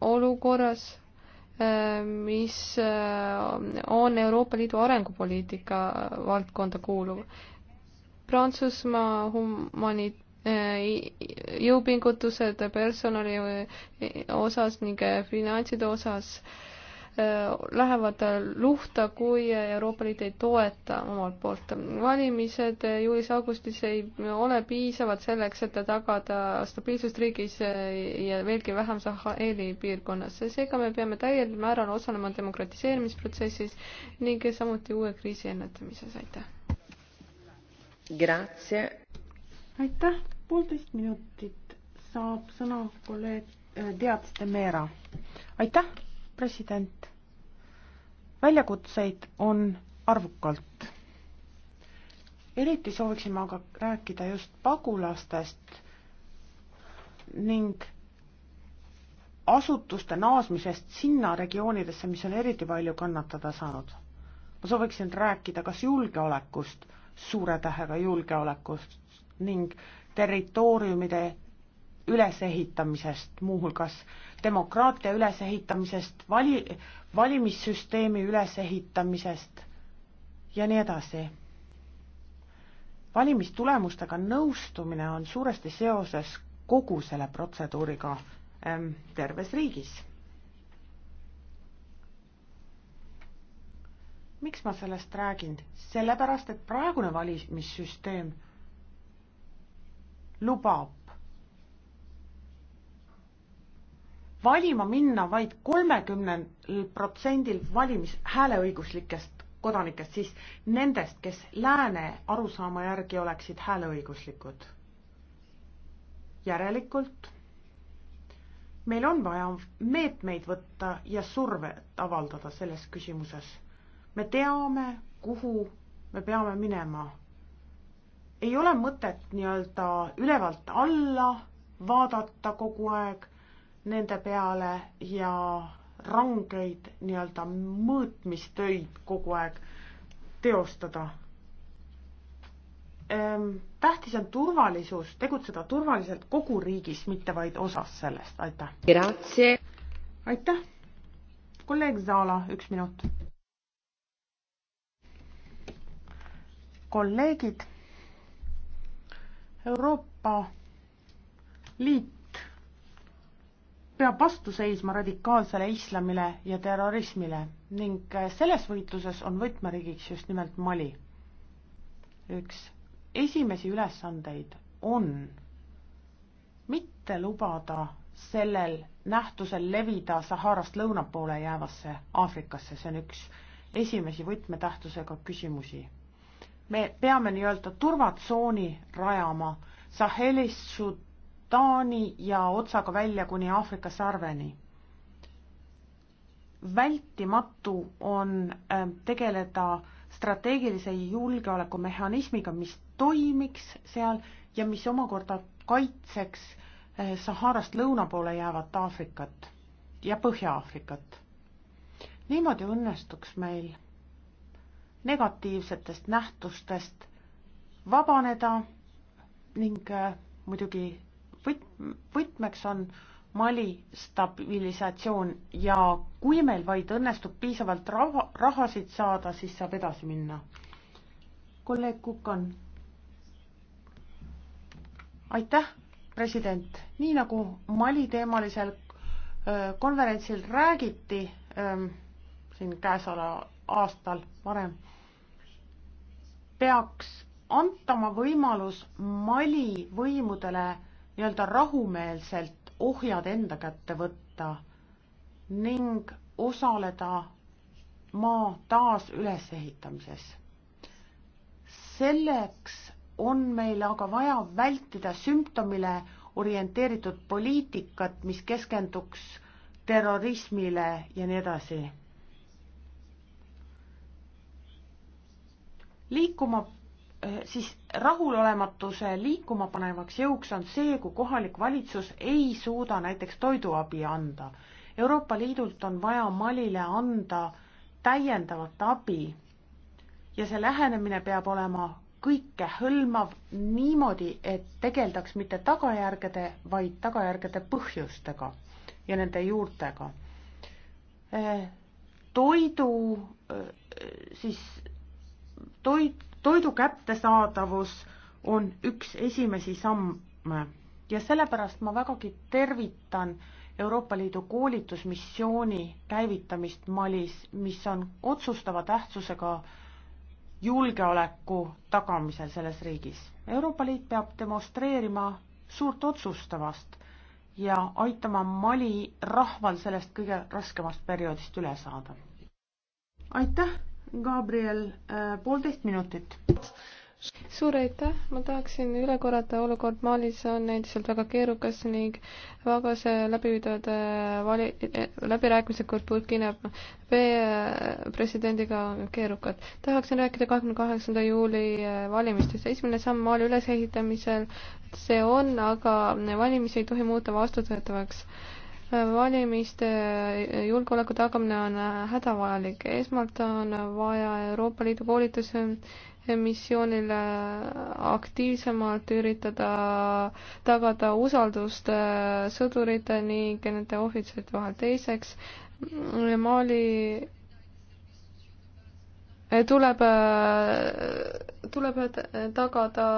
olukorras, äh, mis äh, on Euroopa Liidu arengupoliitika valdkonda kuuluv. Prantsusmaa humanit-, äh, jõupingutused personali osas ning finantside osas äh, lähevad luhta, kui Euroopa Liit ei toeta omalt poolt. valimised juulis-augustis ei ole piisavad selleks, et tagada stabiilsust riigis ja veelgi vähem Saheli piirkonnas. seega me peame täiel määral osalema demokratiseerimisprotsessis ning samuti uue kriisi ennetamises, aitäh! Grazie. aitäh, poolteist minutit saab sõna kolleeg äh, Teadste Meera. aitäh! president, väljakutseid on arvukalt. eriti sooviksin ma aga rääkida just pagulastest ning asutuste naasmisest sinna regioonidesse, mis on eriti palju kannatada saanud. ma sooviksin rääkida kas julgeolekust, suure tähega julgeolekust ning territooriumide ülesehitamisest, muuhulgas demokraatia ülesehitamisest, vali, valimissüsteemi ülesehitamisest ja nii edasi. valimistulemustega nõustumine on suuresti seoses kogu selle protseduuriga ähm, terves riigis. miks ma sellest räägin? sellepärast, et praegune valimissüsteem lubab valima minna vaid kolmekümnel protsendil valimis hääleõiguslikest kodanikest, siis nendest, kes lääne arusaama järgi oleksid hääleõiguslikud. järelikult meil on vaja meetmeid võtta ja survet avaldada selles küsimuses. me teame, kuhu me peame minema. ei ole mõtet nii-öelda ülevalt alla vaadata kogu aeg nende peale ja rangeid nii-öelda mõõtmistöid kogu aeg teostada. Ehm, tähtis on turvalisus, tegutseda turvaliselt kogu riigis, mitte vaid osas sellest, aitäh. aitäh. kolleeg Zala, üks minut. kolleegid, Euroopa Liit peab vastu seisma radikaalsele islamile ja terrorismile ning äh, selles võitluses on võtmeriigiks just nimelt Mali. üks esimesi ülesandeid on mitte lubada sellel nähtusel levida Saharast lõuna poole jäävasse Aafrikasse, see on üks esimesi võtmetähtsusega küsimusi. me peame nii-öelda turvatsooni rajama Sahelist Taani ja otsaga välja kuni Aafrika sarveni. vältimatu on äh, tegeleda strateegilise julgeolekumehhanismiga, mis toimiks seal ja mis omakorda kaitseks äh, Saharast lõuna poole jäävat Aafrikat ja Põhja-Aafrikat. niimoodi õnnestuks meil negatiivsetest nähtustest vabaneda ning äh, muidugi võt-, võtmeks on Mali stabilisatsioon ja kui meil vaid õnnestub piisavalt raha, rahasid saada, siis saab edasi minna. kolleeg Kukan. aitäh, president, nii nagu Mali teemalisel öö, konverentsil räägiti öö, siin käesoleval aastal varem, peaks antama võimalus Mali võimudele nii-öelda rahumeelselt ohjad enda kätte võtta ning osaleda maa taasülesehitamises. selleks on meil aga vaja vältida sümptomile orienteeritud poliitikat, mis keskenduks terrorismile ja nii edasi. liikuma Äh, siis rahulolematuse liikuma panevaks jõuks on see, kui kohalik valitsus ei suuda näiteks toiduabi anda. Euroopa Liidult on vaja Malile anda täiendavat abi ja see lähenemine peab olema kõike hõlmav niimoodi, et tegeldaks mitte tagajärgede, vaid tagajärgede põhjustega ja nende juurtega. Äh, toidu äh, siis toit, toidu kättesaadavus on üks esimesi samme ja sellepärast ma vägagi tervitan Euroopa Liidu koolitusmissiooni käivitamist Malis, mis on otsustava tähtsusega julgeoleku tagamisel selles riigis. Euroopa Liit peab demonstreerima suurt otsustavast ja aitama Mali rahval sellest kõige raskemast perioodist üle saada. aitäh! Gabriel, äh, poolteist minutit. suur aitäh, ma tahaksin üle korrata, olukord Malis on endiselt väga keerukas ning Vabas läbi viidavad äh, vali-, äh, läbirääkimised koos Burkina B presidendiga on keerukad. tahaksin rääkida kahekümne kaheksanda juuli valimistest, esimene samm Mali ülesehitamisel see on, aga valimisi ei tohi muuta vastutõetavaks valimiste julgeoleku tagamine on hädavajalik. esmalt on vaja Euroopa Liidu koolituse missioonile aktiivsemalt üritada tagada usaldust sõdurite ning nende ohvitseride vahel. teiseks, Mali tuleb, tuleb tagada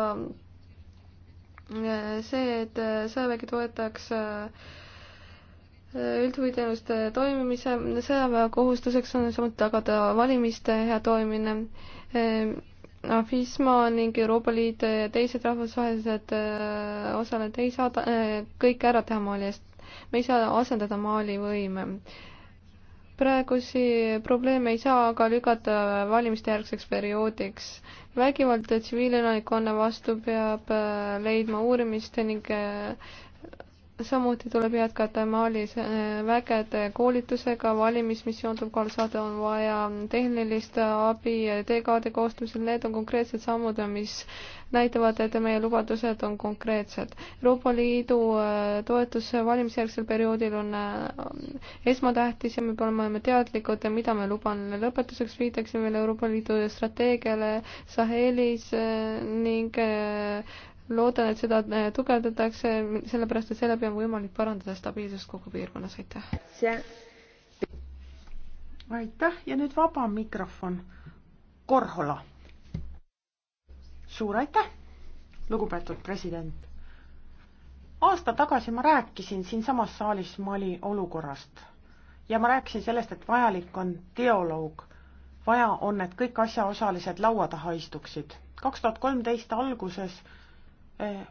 see, et sõjavägi toetaks äh, üldhuviteenuste toimimise sõjaväe kohustuseks on samuti tagada valimiste hea toimimine. Ehm, FISMA ning Euroopa Liit ja teised rahvusvahelised äh, osalejad ei saa äh, kõike ära teha Mali eest. me ei saa asendada Mali võime. praegusi probleeme ei saa aga lükata valimiste järgseks perioodiks. vägivald tsiviilelanikkonna vastu peab äh, leidma uurimist ning äh, samuti tuleb jätkata Malis äh, vägede koolitusega, valimismissioon tuleb kohale saada, on vaja tehnilist abi teekaardi koostamisel, need on konkreetsed sammud, mis näitavad, et meie lubadused on konkreetsed. Euroopa Liidu äh, toetus valimisjärgsel perioodil on äh, esmatähtis ja me peame olema teadlikud, mida me lubame. lõpetuseks viitaksin veel Euroopa Liidu strateegiale Sahelis ning loodan, et seda äh, tugevdatakse, sellepärast et seeläbi on võimalik parandada stabiilsust kogu piirkonnas, aitäh. aitäh ja nüüd vaba mikrofon. Korhola. suur aitäh, lugupeetud president. aasta tagasi ma rääkisin siinsamas saalis Mali olukorrast ja ma rääkisin sellest, et vajalik on dialoog. vaja on, et kõik asjaosalised laua taha istuksid. kaks tuhat kolmteist alguses Äh,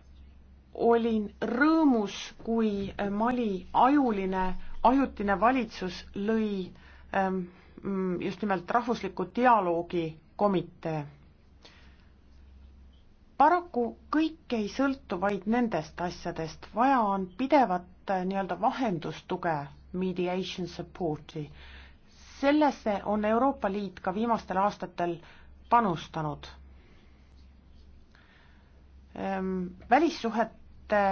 olin rõõmus, kui äh, Mali ajuline, ajutine valitsus lõi ähm, mm, just nimelt rahvusliku dialoogi komitee. paraku kõik ei sõltu vaid nendest asjadest, vaja on pidevat äh, nii-öelda vahendustuge, mediation support'i. sellesse on Euroopa Liit ka viimastel aastatel panustanud Ehm, välissuhete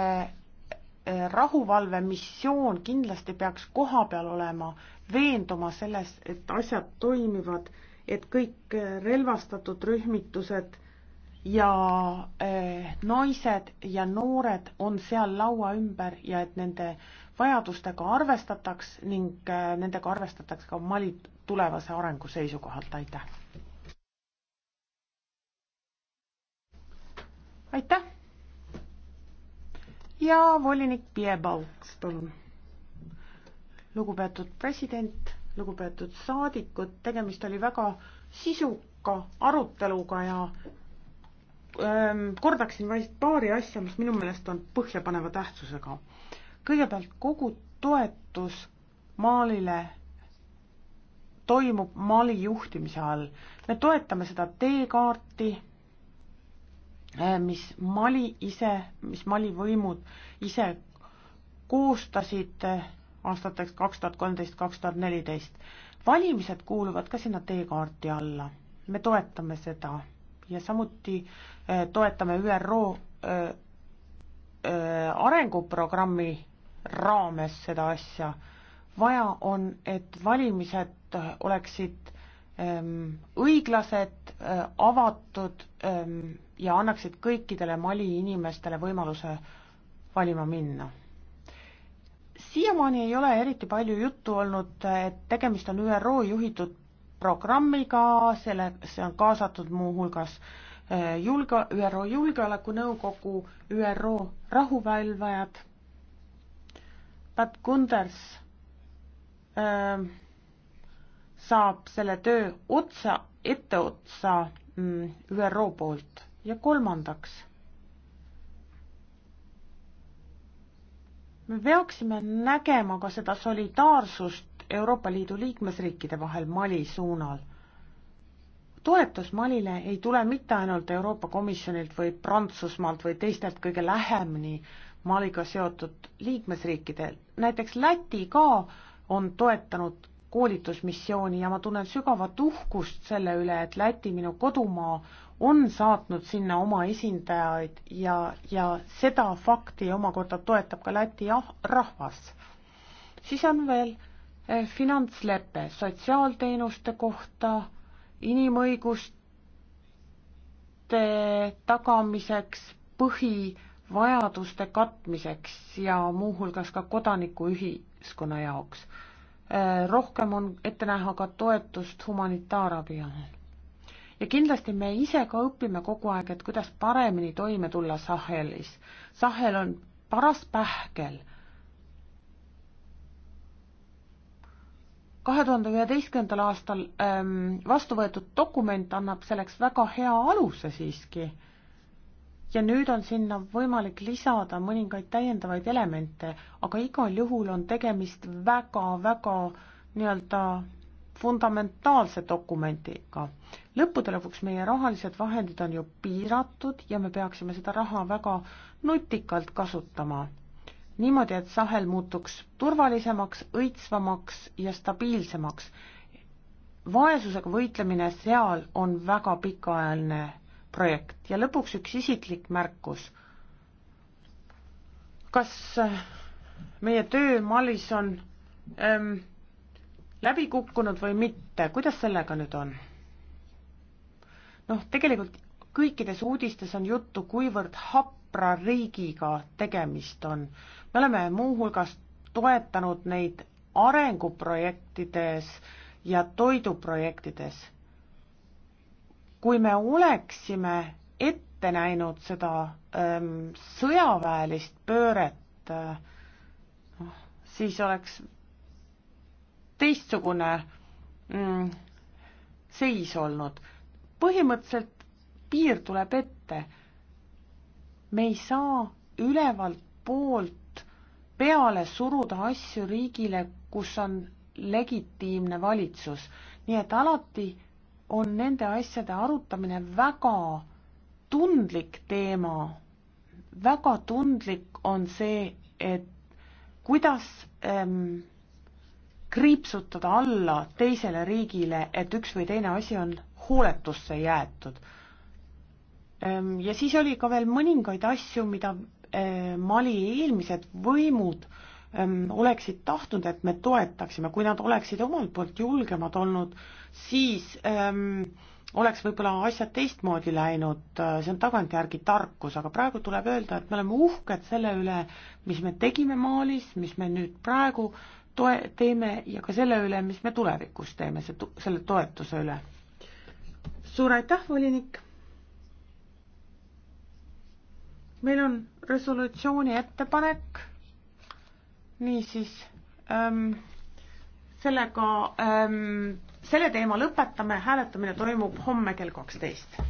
eh, rahuvalvemissioon kindlasti peaks kohapeal olema, veenduma selles, et asjad toimivad, et kõik eh, relvastatud rühmitused ja eh, naised ja noored on seal laua ümber ja et nende vajadustega arvestataks ning nendega arvestataks ka Mali tulevase arengu seisukohalt, aitäh! aitäh. ja volinik Piebalgs, palun. lugupeetud president, lugupeetud saadikud, tegemist oli väga sisuka aruteluga ja ähm, kordaksin vaid paari asja, mis minu meelest on põhjapaneva tähtsusega. kõigepealt kogu toetus Maalile toimub Mali juhtimise all. me toetame seda teekaarti Äh, mis Mali ise, mis Mali võimud ise koostasid äh, aastateks kaks tuhat kolmteist, kaks tuhat neliteist. valimised kuuluvad ka sinna teekaarti alla, me toetame seda ja samuti äh, toetame ÜRO arenguprogrammi raames seda asja. vaja on, et valimised oleksid öö, ähm, õiglased, avatud öö, ähm, ja annaksid kõikidele Mali inimestele võimaluse valima minna. siiamaani ei ole eriti palju juttu olnud, et tegemist on ÜRO juhitud programmiga, selle, see on kaasatud muuhulgas äh, julge-, ÜRO Julgeolekunõukogu, ÜRO rahuvälvajad, Pat Kunders öö, äh, saab selle töö otsa, etteotsa mm, ÜRO poolt ja kolmandaks, me peaksime nägema ka seda solidaarsust Euroopa Liidu liikmesriikide vahel Mali suunal. toetus Malile ei tule mitte ainult Euroopa Komisjonilt või Prantsusmaalt või teistelt kõige lähemini Maliga seotud liikmesriikidel, näiteks Läti ka on toetanud koolitusmissiooni ja ma tunnen sügavat uhkust selle üle, et Läti, minu kodumaa, on saatnud sinna oma esindajaid ja, ja seda fakti omakorda toetab ka Läti rahvas. siis on veel eh, finantslepe sotsiaalteenuste kohta, inimõiguste tagamiseks, põhivajaduste katmiseks ja muuhulgas ka kodanikuühiskonna jaoks Äh, rohkem on ette näha ka toetust humanitaarabile. ja kindlasti me ise ka õpime kogu aeg, et kuidas paremini toime tulla Sahelis. Sahel on paras pähkel. kahe tuhande üheteistkümnendal aastal ähm, vastu võetud dokument annab selleks väga hea aluse siiski ja nüüd on sinna võimalik lisada mõningaid täiendavaid elemente, aga igal juhul on tegemist väga-väga nii-öelda fundamentaalse dokumendiga. lõppude lõpuks meie rahalised vahendid on ju piiratud ja me peaksime seda raha väga nutikalt kasutama. niimoodi, et Sahel muutuks turvalisemaks, õitsvamaks ja stabiilsemaks. vaesusega võitlemine seal on väga pikaajaline projekt ja lõpuks üks isiklik märkus. kas äh, meie töö Malis on ähm, läbi kukkunud või mitte, kuidas sellega nüüd on? noh, tegelikult kõikides uudistes on juttu, kuivõrd hapra riigiga tegemist on. me oleme muuhulgas toetanud neid arenguprojektides ja toiduprojektides kui me oleksime ette näinud seda ähm, sõjaväelist pööret äh,, noh, siis oleks teistsugune mm, seis olnud. põhimõtteliselt piir tuleb ette. me ei saa ülevalt poolt peale suruda asju riigile, kus on legitiimne valitsus, nii et alati on nende asjade arutamine väga tundlik teema. väga tundlik on see, et kuidas ähm, kriipsutada alla teisele riigile, et üks või teine asi on hooletusse jäetud ähm,. ja siis oli ka veel mõningaid asju, mida äh, Mali eelmised võimud äh, Ähm, oleksid tahtnud, et me toetaksime, kui nad oleksid omalt poolt julgemad olnud, siis öö, ähm, oleks võib-olla asjad teistmoodi läinud, äh, see on tagantjärgi tarkus, aga praegu tuleb öelda, et me oleme uhked selle üle, mis me tegime Malis, mis me nüüd praegu toe-, teeme ja ka selle üle, mis me tulevikus teeme, see, selle toetuse üle. suur aitäh, volinik! meil on resolutsiooni ettepanek niisiis ähm,, sellega ähm,, selle teema lõpetame, hääletamine toimub homme kell kaksteist.